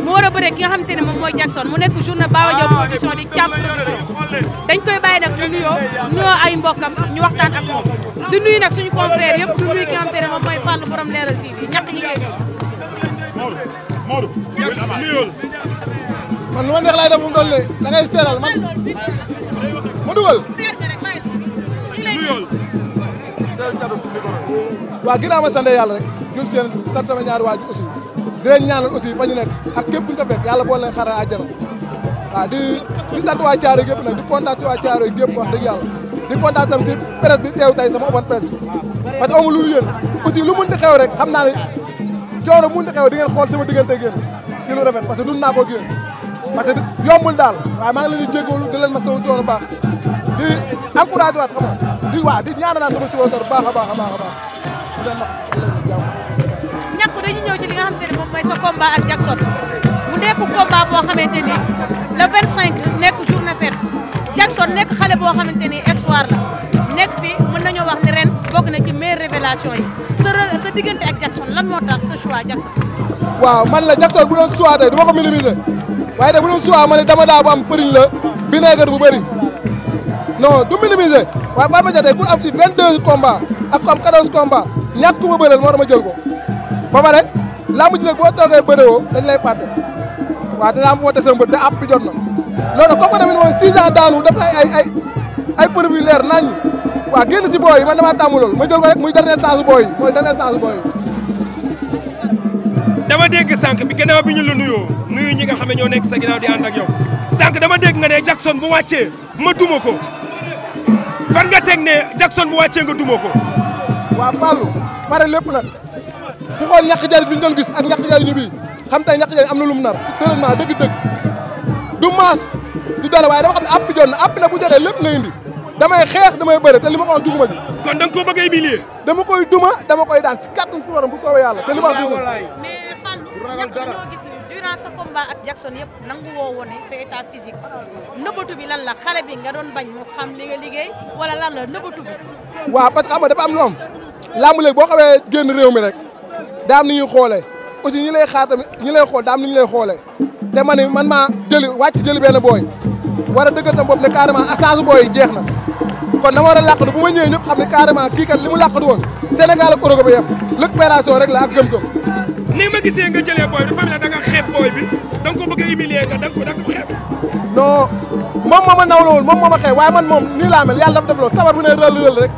mu war a bëre ki nga xamante ne moom mooy Jackson mu nekk journée Baba Diaw production di càmm production dañ koy bàyyi nag ñu nuyoo nuyoo ay mbokkam ñu waxtaan ak moom di nuyu nag suñu confrère yëpp di nuyu ki nga xamante ne moom mooy Fallou borom leeral TV ñàkk ñi ngi ma neex laay def mu doon le rek jul seen sant sama ñaari waajur aussi di leen ñaanal aussi fa ñu nekk ak képp ku ñu ko fekk yàlla boo leen di di sant waa Thiaroye gépp nag di kontaan si waa Thiaroye gépp wax dëgg yàlla di kontaan si presse bi teew tey sama open presse bi parce que amu lu yéen aussi lu mun di xew rek xam naa ne mun di xew di ngeen xool sama diggante génn ci lu rafet parce que naa ko génn parce que yombul daal waaye maa ngi leen di jégalu di leen ma saw coono baax di encouragé waat xam nga di waa di ñaanal sama supporter baax a baax a a mooy sa combat ak Jackson mu nekk combat boo xamante ni le 25 nekk journée fête Jackson nekk xale boo xamante ni espoir la nekk fi mën nañoo wax ni ren bokk na ci meilleure révélation yi sa sa diggante ak Jackson lan moo tax sa choix Jackson. waaw man la Jackson bu doon choix tey du ma ko minimiser waaye nag bu doon choix ma ne dama daa bu am fëriñ la vinaigre bu bëri non du minimiser waaye Fatou Ndiaye tey ku am ci 22 combats ak ku am 14 combats ñàkk ku ma bëreel moo làmb ji nag boo toogee bërewoo dañ lay fàtte waaw dinaa am fu ma teg sama bët da àpp bi jot na loolu comme que tamit mooy 6 ans daanu def ay ay ay ay preuve yu leer naññi waaw génn si booy yi man damaa tàmm loolu ma jël ko rek muy dernier chance booy yi mooy dernier chance booy yi dama dégg sànq bi gannaaw bi ñu la nuyoo nuyu ñi nga xam ne ñoo nekk sa ginnaaw di ànd ak yow sànq dama dégg nga ne Jackson bu wàccee ma duma ko fan nga teg ne Jackson bu wàccee nga duma lépp nag. xool ñàkk jariñ bi ñu doon gis ak ñàkk jariñu bi xam tey ñàkk jariñ am na lum nar sérieusement dëgg-dëgg du maas du dara waaye dama xam ne app bi jot na app na bu jotee lépp nga indi damay xeex damay bëre te li ma ko wax duguma ci kon da nga koo bëgg a humilier dama koy duma dama koy daan si kàttan su waram bu soobee yàlla te li ma wax duguma mais Fallou ñàkk ñoo gis ni durant sa combat ak Jackson yëpp nangu woo woon sa état physique nëbbatu bi lan la xale bi nga doon bañ mu xam li nga liggéey wala lan la nëbbatu bi waaw parce que xam nga dafa am lu am laamu léegi boo xawee génn réew mi rek daam ni ñuy xoolee aussi ñi lay xaar tamit ñi lay xool daam ni ñu lay xoolee te ma ni man maa jëli wàcc jëli benn booy war a dëggal tam bopp ne carrément assaasu booy jeex na kon na war a bu ma ñëwee ñëpp xam ne carrément kii kat li mu làqatu woon Sénégal ak Europe bi yëpp récupération rek la ak gëm-gëm ni ma gisee nga jëlee booy da nga xeeb booy bi da nga ko bëgg a humilier nga da nga ko da nga ko ma nawlawul waaye man moom nii laa mel yàlla dafa def loolu sabar bu ne rëll rëll rek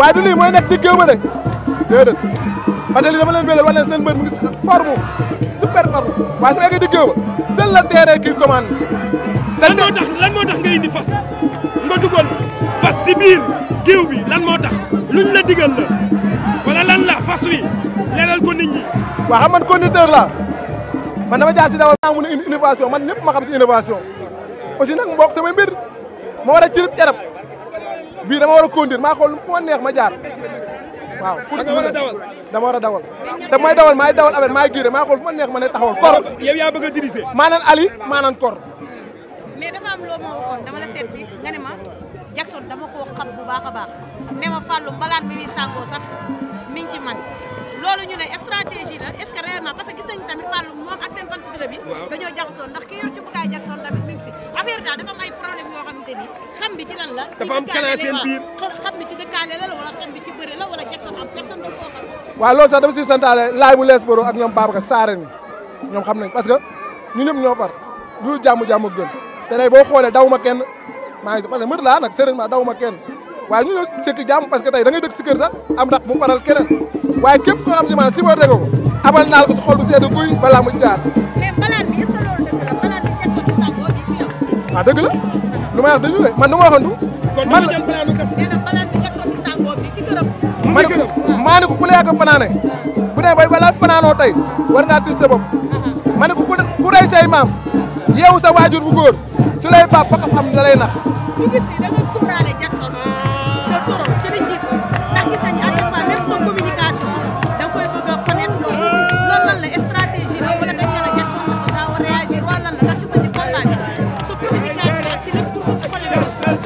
waaye du lii mooy nekk ci géew ba de déedéet Batali dama leen bégal wax leen seen mbër mu ngi forme super forme waaye su fekkee di géew ba seul le terrain qui commande. lan moo lan moo tax nga indi fas nga dugal fas si biir géew bi lan moo tax luñ la digal la wala lan la fas wi leeral ko nit ñi. waaw xam man conducteur la man dama jaar si dawal maa mun a man ñëpp ma xam si innovation aussi nag mbokk sama mbir moo war a bii dama war a conduire maa xool lu ma neex ma jaar dama war a dawal dama war a dawal. te may dawal maay dawal abet maay maa xool fu ma neex ma ne taxawal kor. yow yaa bëgg a diriger. maanaan Ali maanaan kor. mais dafa am loo ma waxoon dama la seet si nga ne ma Jackson dama koo xam bu baax a baax ne ma Fallou mbalaan mi muy sàngoo sax mi ngi ci man loolu ñu ne stratégie la est-ce parce que gis nañu tamit Fallou moom ak seen fan club bi. dañoo jaxasoo ndax ki yor ci bukaay xam bi ci lan la. dafa am canal seen biir xam bi ci dëkkaale la laay bu lees boro ak ñoom Babacar Saare ni ñoom xam nañ parce que ñu ñëpp ñoo far lu jàmm jàmm gën te tey boo xoolee daw ma kenn maa ngi parce que mbër laa nag sérieusement daw ma kenn waaye ñu ñoo sëkk jàmm parce que tey da ngay dëkk si kër sax am ndax mu faral keneen waaye képp koo xam si maanaam si war ko abal naal ko si xol bu sedd guy balaa mu jaar. mais lu ma wax dëgg la man nu ma waxoon man la ko ku la yàgg fanaane bu ne bay balaa fanaanoo tey war ngaa dis bopp uh-huh. ma ne ko ku rey say maam yeewu sa waajur bu góor su lay baab fa xam da nax.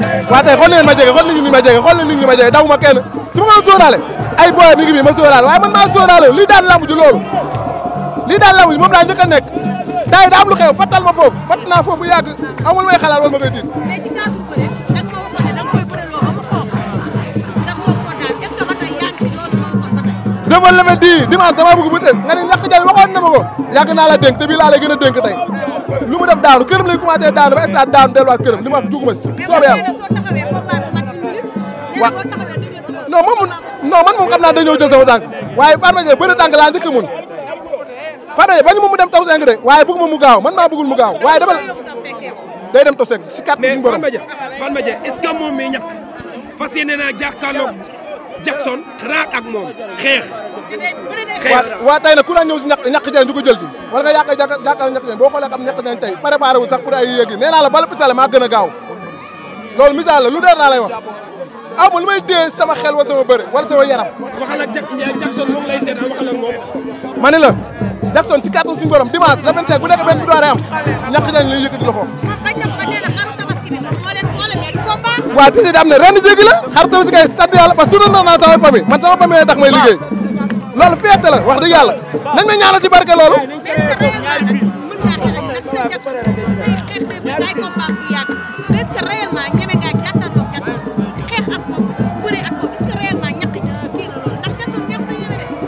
waaw tey xool leen ma jege xool nit ñi ma jege xool nit ñi ma jege daw ma kenn su ma ko sóoraale ay booy mi ma sóoraale waaye man maa sóoraale lii daan lamb ji loolu lii daan lamb moom laa njëkk a nekk da am lu xew fattal ma foofu fatt foofu bu yàgg amul may xalaat wala ma koy diin dama la di dimanche dama bëgg bu tey nga ne ñàkk jël waxoon na ma ko yàgg naa la dénk te bii laa lay gën a dénk tey lu mu def daanu këram lay commencé daanu ba instant daanu delluwaat këram li ma wax duguma si soobee yàlla waaw non moom non man moom xam naa dañoo jël sama tànk waaye Fatma Diagne bëri tànk laa njëkk a mun Fatma Diagne bañu moom mu dem taw senk de waaye bëgguma mu gaaw man maa bëggul mu gaaw waaye dama day dem taw senk si kàttan suñu borom mais Fatma Diagne Fatma Diagne est-ce que moom mi ñàkk fas yéene naa jàkkaarloo Jackson raak ak moom xeex. xeex waa tey nag ku la ñëw si ñàkk ñàkk jën du ko jël ci wala nga yàq jàkkaarloo ñàkk jën boo xoolee am ñàkk jën tey préparé wu la bala pisale maa gën a gaaw loolu misaal la lu leer laa lay wax amul lu may dee sama xel wala sama bëre wala sama yaram. waxal ak Jackson moom lay seetal waxal ak moom. ma ne la Jackson ci kàttan suñu borom dimanche le 25 bu nekk benn bu dooree am ñàkk jën lay yëkkati loxo. waa tiisi am na ren jéegi la xar tabaski kay sant yàlla parce que su doon naa sama famille man sama famille tax may liggéey loolu feete la wax dëgg yàlla nañ ma ñaanal si barke loolu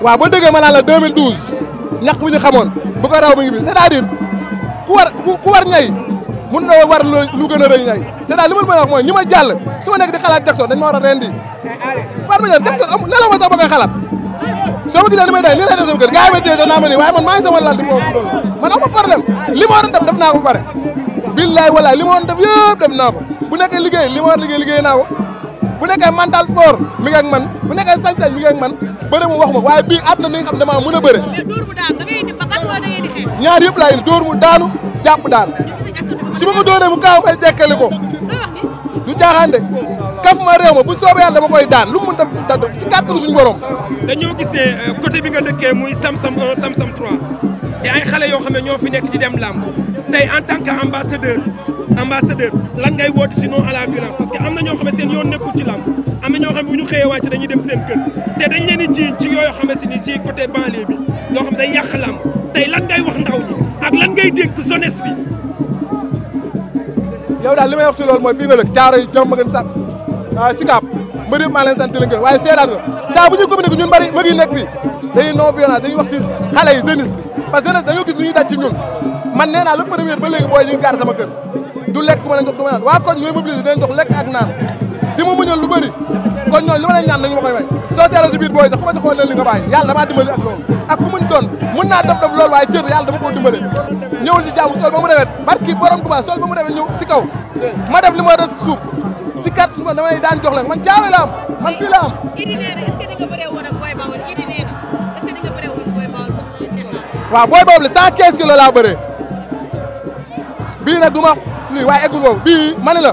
waaw ba déggee ma naan la 2012 ñàkk bi ñu xamoon bu ko mi ngi bi cest à ñay mun na war lu gën a rëy ñay c'est-à-dire li ma a wax mooy ñi ma jàll su ma nekk di xalaat Jackson dañ ma war a rendi Fatma Diagne Jackson amul nelaw ma sax ba koy xalaat soo ma gisee ni may day nii lay def sama kër gars yi may téye sax naa ma nii waaye man maa ngi sama lal di foofu loolu ma problème li ma waroon def def naa ko ba naa ko bu nekke liggéey li ma war liggéey liggéey naa ko bu nekkee mental sport mi ngi ak man bu nekkee sañ-sañ mi ngi man bëre mu wax ma waaye bii at na ni xam damaa mën a bëre ñaar yëpp laay indi dóor mu daanu su ma ko doonee mu kaaw may jekkali ko du caaxaan de kaf ma réew ma bu soobee yàlla dama koy daan lu mu mën a def si kàttanu suñu borom. dañoo gis ne euh, côté bi nga dëkkee muy samsam 1 samsam 3 te ay xale yoo xam ne ñoo fi nekk di dem làmb tey en tant que ambassadeur lan ngay woote si non à la violence parce que am na ñoo xam ne seen yoon nekkul ci làmb am na ñoo xam bu ñu xëyee wàcc dañuy dem seen kër te dañ leen jiiñ ci yooyu xam si côté banlieue bi loo xam ngay wax ndaw ñi bi. yow daal li may wax ci loolu mooy fii nga lëkk caaro yi jàmm gën sax ah, Sicap mbëri maa leen sant di leen gën waaye seedaat nga saa bu ñu communiqué ñun mbëri nekk fii dañuy non violence dañuy wax ci xale bi parce que jeunesse gis lu ñuy daj man nee naa le premier ba léegi booy ñu ngi sama kër du lekk ku ma leen jox naan waa koñ ñooy mobiliser dañ jox lekk ak naan di ma muñal lu bëri kon ñooñu li ma leen ñaan nañu ma koy way soo seetloo si biir booy sax ku ma ci xool leen li nga bàyyi yàlla damaa dimbali ak loolu ak muñ doon mun naa dof dof loolu waaye cër yàlla dama koo dimbale ñëwul si jàmm sol ba mu rewet barki borom Tuubaa sol ba mu rewet ñëw si kaw ma def li ma def suuf si carte suma dama daan jox la man jaawee la am man bii la booy boobu la cent quinze kilos laa bëree bii nag du ma lii waaye eggul bii ma ne la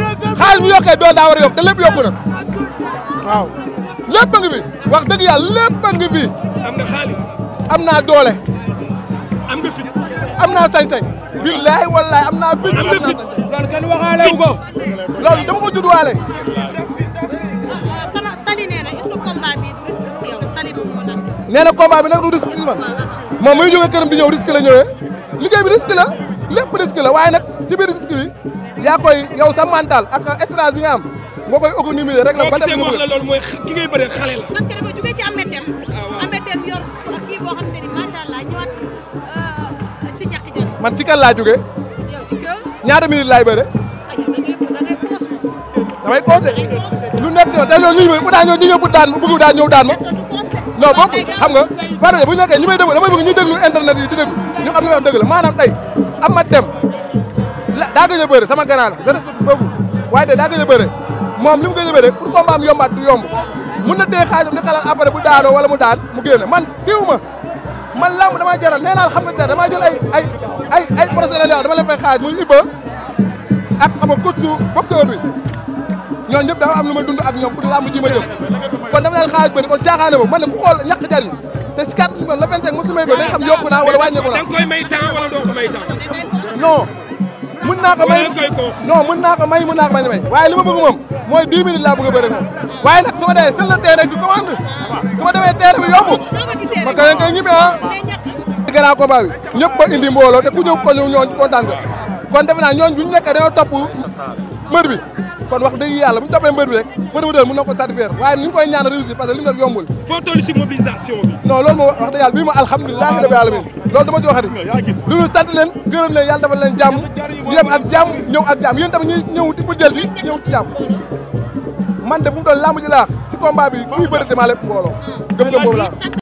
xaalis bu yokkee doon daa war yokk te yokku na waaw lépp a ngi fi wax dëgg yàlla lépp ngi fi. am naa doole. am naa sañ-sañ. billaay am naa fit. am naa sañ-sañ loolu kenn waxaale wu ko. loolu bi na combat bi nag du risque si man moom muy jógee këram di ñëw risque liggéey bi risque la lépp waaye nag ci biir yaa koy yow sa mental ak espérance bi nga am nga koy économiser rek la ba def la loolu mooy ki ngay bëre xale la. parce que dafa jugee ci Ameth Deme. Ameth ah, Deme yor kii boo xam ne macha allah ñëwaat euh, ci ñàkk jërëjëf. man ci kan laa jugee. yow ci kër. ñaata minute laay bëre. Ah, damay conseil lu nekk ci te loolu nii bu daan ñëw ñu ñëw bu daan bëgg daan ñëw daan ma. non boobu xam nga Fatou bu ñu nekkee ñi may déglu damay bëgg ñu déglu internet yi di déglu ñu xam ne wax dëgg la maanaam tey Ameth Deme daa gëj a bëre sama grand la je respecte beaucoup waaye de daa gëj a bëre moom li mu gëj a bëre pour combat am yombaat du yomb mun na téye xaalisam di xalaat après bu daanoo wala mu daan mu génn man diw ma man lamb damaa jaral nee naa xam nga jar damaa jël ay ay ay ay professionnels yoo dama leen fay xaalis muy Ibba ak xam nga coach boxeur bi ñooñu ñëpp dafa am lu ma ak ñoom pour lamb ji ma jëm kon dama leen xaalis bëri kon caaxaane boobu man ne ku xool ñàkk jariñ te si carte suñu la 25 ko day xam yokku naa wala may temps doo ko may mën naa ko may non mën naa ko may mën naa ko may may waaye li ma bëgg moom mooy 10 minutes laa bëgg a bëri moom waaye nag su ma demee sën la tee rek di commande ma demee tee bi a ma keneen koy ñibbi ah grand combat bi ñëpp ba indi mbooloo te ku ñëw ko ñëw ñooñ kontaan ko kon defe naa ñooñ bu ñu nekk dañoo topp mbër bi kon wax dëgg yàlla bu ñu toppee rek mbër dël mën na ko satisfaire waaye ni ñu koy ñaan réussir parce que li mu def yombul foo toll si mobilisation bi non loolu moo wax dëgg yàlla bii ma alhamdulilah rabbil ah, alamin loolu dama ci waxati lu ñu sant leen gërëm leen yàlla dafa leen jàmm yéen ak jàmm ñëw ak jàmm yéen tamit ñuy ñëw bu jël di ñëw man de bu mu doon làmb ji laax si combat bi kuy bëri dama lépp mbooloo ah. laa